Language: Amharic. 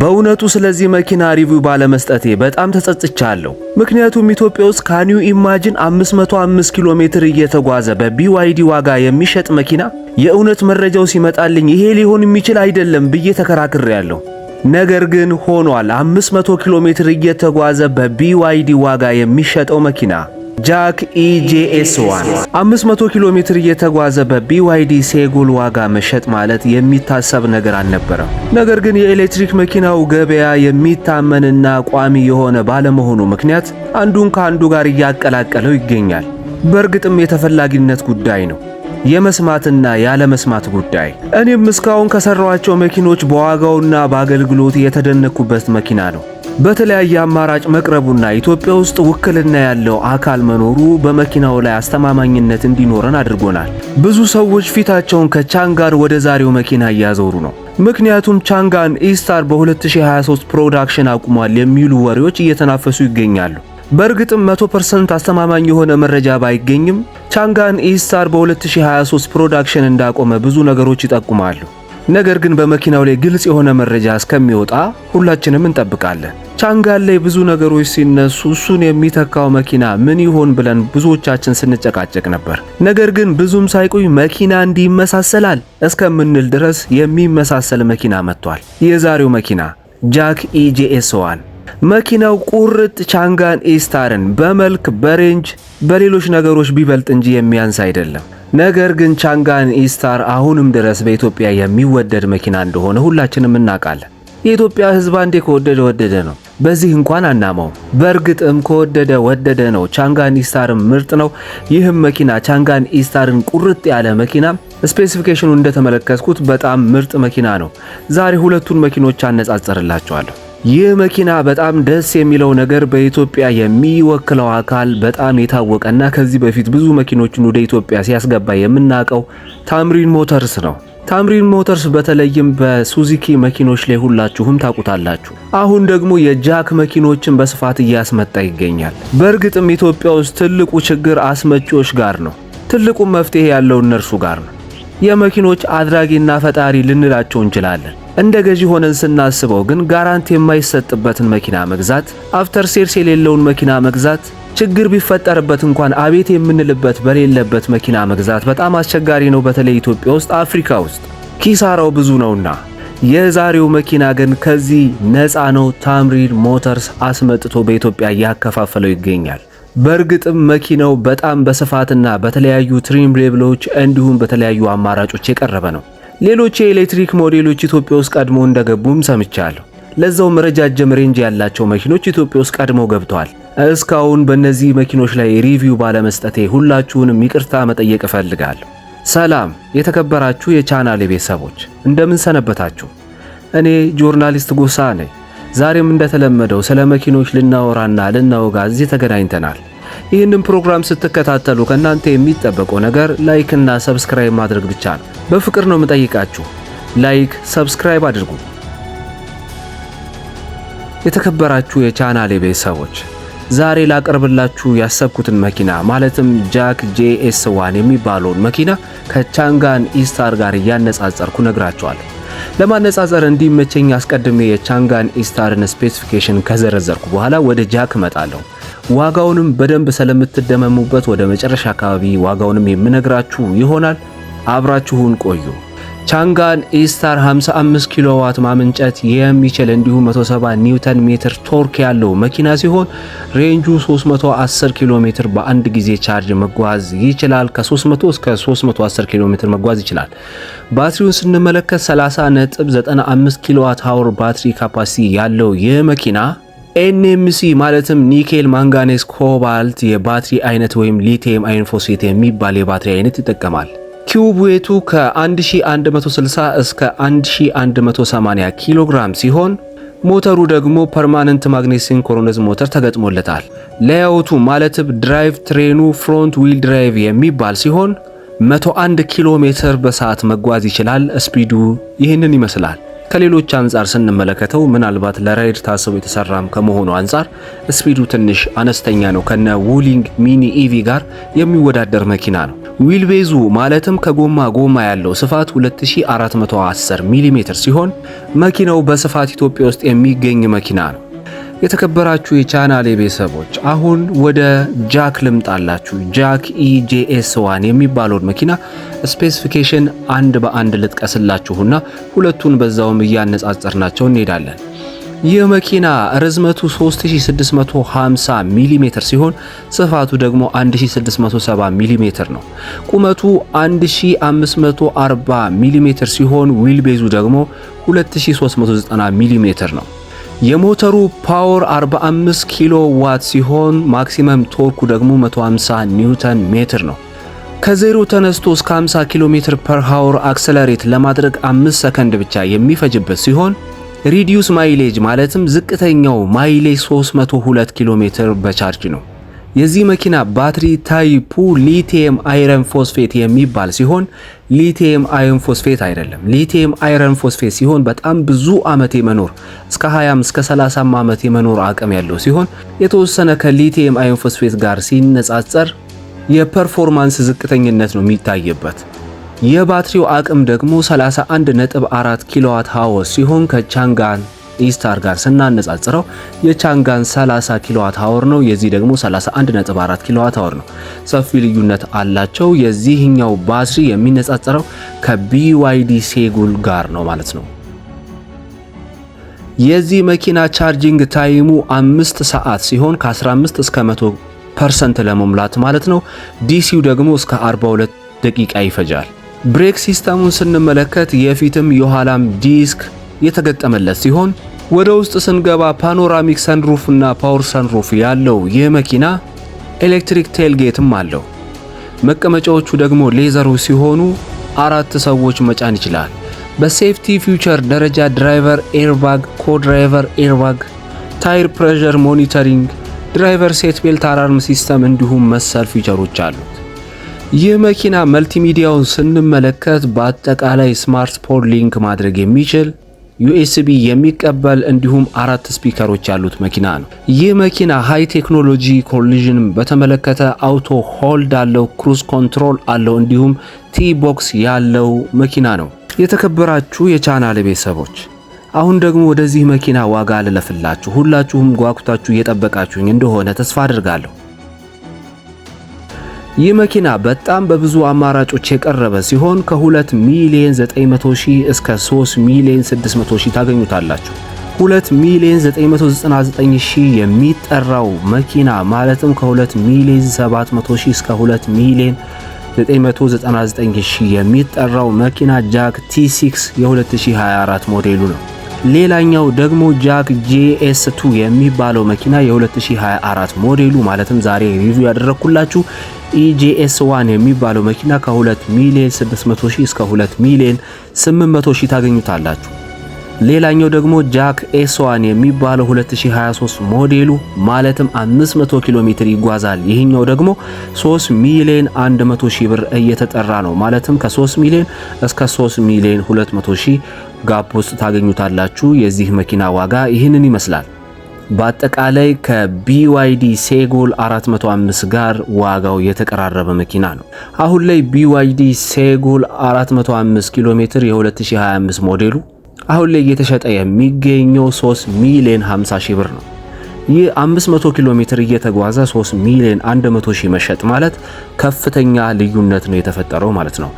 በእውነቱ ስለዚህ መኪና ሪቪው ባለመስጠቴ በጣም ተጸጽቻለሁ። ምክንያቱም ኢትዮጵያ ውስጥ ካኒው ኢማጂን 505 ኪሎ ሜትር እየተጓዘ በቢዋይዲ ዋጋ የሚሸጥ መኪና የእውነት መረጃው ሲመጣልኝ ይሄ ሊሆን የሚችል አይደለም ብዬ ተከራክሬያለሁ። ነገር ግን ሆኗል። 500 ኪሎ ሜትር እየተጓዘ በቢዋይዲ ዋጋ የሚሸጠው መኪና ጃክ ኢጄኤስ ዋን 500 ኪሎ ሜትር እየተጓዘ በቢዋይዲ ሴጉል ዋጋ መሸጥ ማለት የሚታሰብ ነገር አልነበረም። ነገር ግን የኤሌክትሪክ መኪናው ገበያ የሚታመንና ቋሚ የሆነ ባለመሆኑ ምክንያት አንዱን ከአንዱ ጋር እያቀላቀለው ይገኛል። በእርግጥም የተፈላጊነት ጉዳይ ነው፣ የመስማትና ያለመስማት ጉዳይ። እኔም እስካሁን ከሰራኋቸው መኪኖች በዋጋውና በአገልግሎት የተደነኩበት መኪና ነው። በተለያየ አማራጭ መቅረቡና ኢትዮጵያ ውስጥ ውክልና ያለው አካል መኖሩ በመኪናው ላይ አስተማማኝነት እንዲኖረን አድርጎናል። ብዙ ሰዎች ፊታቸውን ከቻንጋን ወደ ዛሬው መኪና እያዞሩ ነው። ምክንያቱም ቻንጋን ኢስታር በ2023 ፕሮዳክሽን አቁሟል የሚሉ ወሬዎች እየተናፈሱ ይገኛሉ። በእርግጥም 100% አስተማማኝ የሆነ መረጃ ባይገኝም ቻንጋን ኢስታር በ2023 ፕሮዳክሽን እንዳቆመ ብዙ ነገሮች ይጠቁማሉ። ነገር ግን በመኪናው ላይ ግልጽ የሆነ መረጃ እስከሚወጣ ሁላችንም እንጠብቃለን። ቻንጋን ላይ ብዙ ነገሮች ሲነሱ እሱን የሚተካው መኪና ምን ይሆን ብለን ብዙዎቻችን ስንጨቃጨቅ ነበር። ነገር ግን ብዙም ሳይቆይ መኪና እንዲመሳሰላል እስከምንል ድረስ የሚመሳሰል መኪና መጥቷል። የዛሬው መኪና ጃክ ኢጄኤስ ዋን መኪናው ቁርጥ ቻንጋን ኢስታርን በመልክ በሬንጅ በሌሎች ነገሮች ቢበልጥ እንጂ የሚያንስ አይደለም። ነገር ግን ቻንጋን ኢስታር አሁንም ድረስ በኢትዮጵያ የሚወደድ መኪና እንደሆነ ሁላችንም እናውቃለን። የኢትዮጵያ ህዝብ አንዴ ከወደደ ወደደ ነው። በዚህ እንኳን አናመው። በእርግጥም ከወደደ ወደደ ነው። ቻንጋን ኢስታርም ምርጥ ነው። ይህም መኪና ቻንጋን ኢስታርን ቁርጥ ያለ መኪና ስፔሲፊኬሽኑ እንደተመለከትኩት በጣም ምርጥ መኪና ነው። ዛሬ ሁለቱን መኪኖች አነጻጽርላቸዋለሁ። ይህ መኪና በጣም ደስ የሚለው ነገር በኢትዮጵያ የሚወክለው አካል በጣም የታወቀና ከዚህ በፊት ብዙ መኪኖችን ወደ ኢትዮጵያ ሲያስገባ የምናውቀው ታምሪን ሞተርስ ነው። ታምሪን ሞተርስ በተለይም በሱዚኪ መኪኖች ላይ ሁላችሁም ታውቁታላችሁ። አሁን ደግሞ የጃክ መኪኖችን በስፋት እያስመጣ ይገኛል። በእርግጥም ኢትዮጵያ ውስጥ ትልቁ ችግር አስመጪዎች ጋር ነው። ትልቁ መፍትሄ ያለው እነርሱ ጋር ነው። የመኪኖች አድራጊና ፈጣሪ ልንላቸው እንችላለን። እንደ ገዢ ሆነን ስናስበው ግን ጋራንቲ የማይሰጥበትን መኪና መግዛት፣ አፍተር ሴርስ የሌለውን መኪና መግዛት ችግር ቢፈጠርበት እንኳን አቤት የምንልበት በሌለበት መኪና መግዛት በጣም አስቸጋሪ ነው፣ በተለይ ኢትዮጵያ ውስጥ፣ አፍሪካ ውስጥ ኪሳራው ብዙ ነውና። የዛሬው መኪና ግን ከዚህ ነፃ ነው። ታምሪን ሞተርስ አስመጥቶ በኢትዮጵያ እያከፋፈለው ይገኛል። በእርግጥም መኪናው በጣም በስፋትና በተለያዩ ትሪም ሌብሎች እንዲሁም በተለያዩ አማራጮች የቀረበ ነው። ሌሎች የኤሌክትሪክ ሞዴሎች ኢትዮጵያ ውስጥ ቀድሞ እንደገቡም ሰምቻለሁ። ለዛውም ረጃጅም ሬንጅ ያላቸው መኪኖች ኢትዮጵያ ውስጥ ቀድመው ገብተዋል። እስካሁን በእነዚህ መኪኖች ላይ ሪቪው ባለመስጠቴ ሁላችሁንም ይቅርታ መጠየቅ እፈልጋለሁ። ሰላም የተከበራችሁ የቻናል ቤተሰቦች እንደምን ሰነበታችሁ? እኔ ጆርናሊስት ጎሳ ነኝ። ዛሬም እንደተለመደው ስለ መኪኖች ልናወራና ልናወጋ እዚህ ተገናኝተናል። ይህንን ፕሮግራም ስትከታተሉ ከእናንተ የሚጠበቀው ነገር ላይክና ሰብስክራይብ ማድረግ ብቻ ነው። በፍቅር ነው የምጠይቃችሁ። ላይክ ሰብስክራይብ አድርጉ። የተከበራችሁ የቻናሌ ቤተሰቦች ዛሬ ላቀርብላችሁ ያሰብኩትን መኪና ማለትም ጃክ ጄኤስ ዋን የሚባለውን መኪና ከቻንጋን ኢስታር ጋር እያነጻጸርኩ ነግራቸዋል። ለማነጻጸር እንዲመቸኝ አስቀድሜ የቻንጋን ኢስታርን ስፔሲፊኬሽን ከዘረዘርኩ በኋላ ወደ ጃክ እመጣለሁ። ዋጋውንም በደንብ ስለምትደመሙበት ወደ መጨረሻ አካባቢ ዋጋውንም የምነግራችሁ ይሆናል። አብራችሁን ቆዩ። ቻንጋን ኢስታር 55 ኪሎ ዋት ማመንጨት የሚችል እንዲሁም 170 ኒውተን ሜትር ቶርክ ያለው መኪና ሲሆን ሬንጁ 310 ኪሎ ሜትር በአንድ ጊዜ ቻርጅ መጓዝ ይችላል። ከ300 እስከ 310 ኪሎ ሜትር መጓዝ ይችላል። ባትሪውን ስንመለከት 30.95 ኪሎ ዋት አወር ባትሪ ካፓሲቲ ያለው ይህ መኪና ኤንኤምሲ ማለትም ኒኬል ማንጋኔስ ኮባልት የባትሪ አይነት ወይም ሊቲየም አይን ፎስፌት የሚባል የባትሪ አይነት ይጠቀማል። ኪዩብ ዌቱ ከ1160 እስከ 1180 ኪሎ ግራም ሲሆን ሞተሩ ደግሞ ፐርማነንት ማግኔት ሲንክሮነስ ሞተር ተገጥሞለታል። ለያውቱ ማለትም ድራይቭ ትሬኑ ፍሮንት ዊል ድራይቭ የሚባል ሲሆን 101 ኪሎ ሜትር በሰዓት መጓዝ ይችላል። ስፒዱ ይህንን ይመስላል። ከሌሎች አንጻር ስንመለከተው ምናልባት ለራይድ ታስቦ የተሰራም ከመሆኑ አንጻር ስፒዱ ትንሽ አነስተኛ ነው። ከነ ውሊንግ ሚኒ ኢቪ ጋር የሚወዳደር መኪና ነው። ዊልቤዙ ማለትም ከጎማ ጎማ ያለው ስፋት 2410 ሚሜ ሲሆን መኪናው በስፋት ኢትዮጵያ ውስጥ የሚገኝ መኪና ነው። የተከበራችሁ የቻናሌ ቤተሰቦች አሁን ወደ ጃክ ልምጣላችሁ። ጃክ ኢጄኤስ e ዋን የሚባለውን መኪና ስፔሲፊኬሽን አንድ በአንድ ልጥቀስላችሁና ሁለቱን በዛውም እያነጻጸርናቸው እንሄዳለን። ይህ መኪና ርዝመቱ 3650 ሚሜ ሲሆን ስፋቱ ደግሞ 1670 ሚሜ ነው። ቁመቱ 1540 ሚሜ ሲሆን ዊል ቤዙ ደግሞ 2390 ሚሜ ነው። የሞተሩ ፓወር 45 ኪሎ ዋት ሲሆን ማክሲመም ቶርኩ ደግሞ 150 ኒውተን ሜትር ነው። ከዜሮ ተነስቶ እስከ 50 ኪሎ ሜትር ፐር ሃወር አክሰለሬት ለማድረግ 5 ሰከንድ ብቻ የሚፈጅበት ሲሆን ሪዲዩስ ማይሌጅ ማለትም ዝቅተኛው ማይሌጅ 302 ኪሎ ሜትር በቻርጅ ነው። የዚህ መኪና ባትሪ ታይፑ ሊቲየም አይረን ፎስፌት የሚባል ሲሆን ሊቲየም አይረን ፎስፌት አይደለም። ሊቲየም አይረን ፎስፌት ሲሆን በጣም ብዙ ዓመት የመኖር እስከ 20 እስከ 30 ዓመት የመኖር አቅም ያለው ሲሆን የተወሰነ ከሊቲየም አይረን ፎስፌት ጋር ሲነጻጸር የፐርፎርማንስ ዝቅተኝነት ነው የሚታይበት። የባትሪው አቅም ደግሞ 31.4 ኪሎዋት ሃወር ሲሆን ከቻንጋን ኢስታር ጋር ስናነጻጽረው የቻንጋን 30 ኪሎዋት ሃወር ነው። የዚህ ደግሞ 31.4 ኪሎዋት ሃወር ነው። ሰፊ ልዩነት አላቸው። የዚህኛው ባትሪ የሚነጻጽረው ከቢዋይዲ ሴጉል ጋር ነው ማለት ነው። የዚህ መኪና ቻርጂንግ ታይሙ 5 ሰዓት ሲሆን ከ15 እስከ 100 ፐርሰንት ለመሙላት ማለት ነው። ዲሲው ደግሞ እስከ 42 ደቂቃ ይፈጃል። ብሬክ ሲስተሙን ስንመለከት የፊትም የኋላም ዲስክ የተገጠመለት ሲሆን ወደ ውስጥ ስንገባ ፓኖራሚክ ሰንሩፍ እና ፓወር ሰንሩፍ ያለው ይህ መኪና ኤሌክትሪክ ቴልጌትም አለው። መቀመጫዎቹ ደግሞ ሌዘሩ ሲሆኑ አራት ሰዎች መጫን ይችላል። በሴፍቲ ፊውቸር ደረጃ ድራይቨር ኤርባግ፣ ኮድራይቨር ኤርባግ፣ ታይር ፕሬዠር ሞኒተሪንግ፣ ድራይቨር ሴት ቤልት አላርም ሲስተም እንዲሁም መሰል ፊውቸሮች አሉ። ይህ መኪና መልቲሚዲያውን ስንመለከት በአጠቃላይ ፖድ ሊንክ ማድረግ የሚችል ዩኤስቢ የሚቀበል እንዲሁም አራት ስፒከሮች ያሉት መኪና ነው። ይህ መኪና ሃይ ቴክኖሎጂ ኮሊዥን በተመለከተ አውቶ ሆልድ አለው፣ ክሩዝ ኮንትሮል አለው፣ እንዲሁም ቲ ቦክስ ያለው መኪና ነው። የተከበራችሁ የቻናል ቤተሰቦች አሁን ደግሞ ወደዚህ መኪና ዋጋ ልለፍላችሁ። ሁላችሁም ጓጉታችሁ እየጠበቃችሁኝ እንደሆነ ተስፋ አድርጋለሁ። ይህ መኪና በጣም በብዙ አማራጮች የቀረበ ሲሆን ከ2 ሚሊዮን 900 ሺህ እስከ 3 ሚሊዮን 600 ሺህ ታገኙታላችሁ። 2 ሚሊዮን 999 ሺህ የሚጠራው መኪና ማለትም ከ2 ሚሊዮን 700 ሺህ እስከ 2 ሚሊዮን 999 ሺህ የሚጠራው መኪና ጃክ t 6 የ2024 ሞዴሉ ነው። ሌላኛው ደግሞ ጃክ ጄኤስ2 የሚባለው መኪና የ2024 ሞዴሉ ማለትም ዛሬ ሪቪው ያደረኩላችሁ ኢጂኤስ ዋን የሚባለው መኪና ከ2 ሚሊዮን 600 ሺህ እስከ 2 ሚሊዮን 800 ሺህ ታገኙታላችሁ። ሌላኛው ደግሞ ጃክ 1 የሚባለው 2023 ሞዴሉ ማለትም 500 ኪሎ ሜትር ይጓዛል። ይህኛው ደግሞ 3 ሚሊዮን 100 ሺህ ብር እየተጠራ ነው። ማለትም ከ3 ሚሊዮን እስከ 3 ሚሊዮን 200 ሺህ ጋፕ ውስጥ ታገኙታላችሁ። የዚህ መኪና ዋጋ ይህንን ይመስላል። በአጠቃላይ ከቢዋይዲ ሴጎል 405 ጋር ዋጋው የተቀራረበ መኪና ነው። አሁን ላይ ቢዋይዲ ሴጎል 405 ኪሎ ሜትር የ2025 ሞዴሉ አሁን ላይ እየተሸጠ የሚገኘው 3 ሚሊዮን 50 ሺህ ብር ነው። ይህ 500 ኪሎ ሜትር እየተጓዘ 3 ሚሊዮን 100 ሺህ መሸጥ ማለት ከፍተኛ ልዩነት ነው የተፈጠረው ማለት ነው።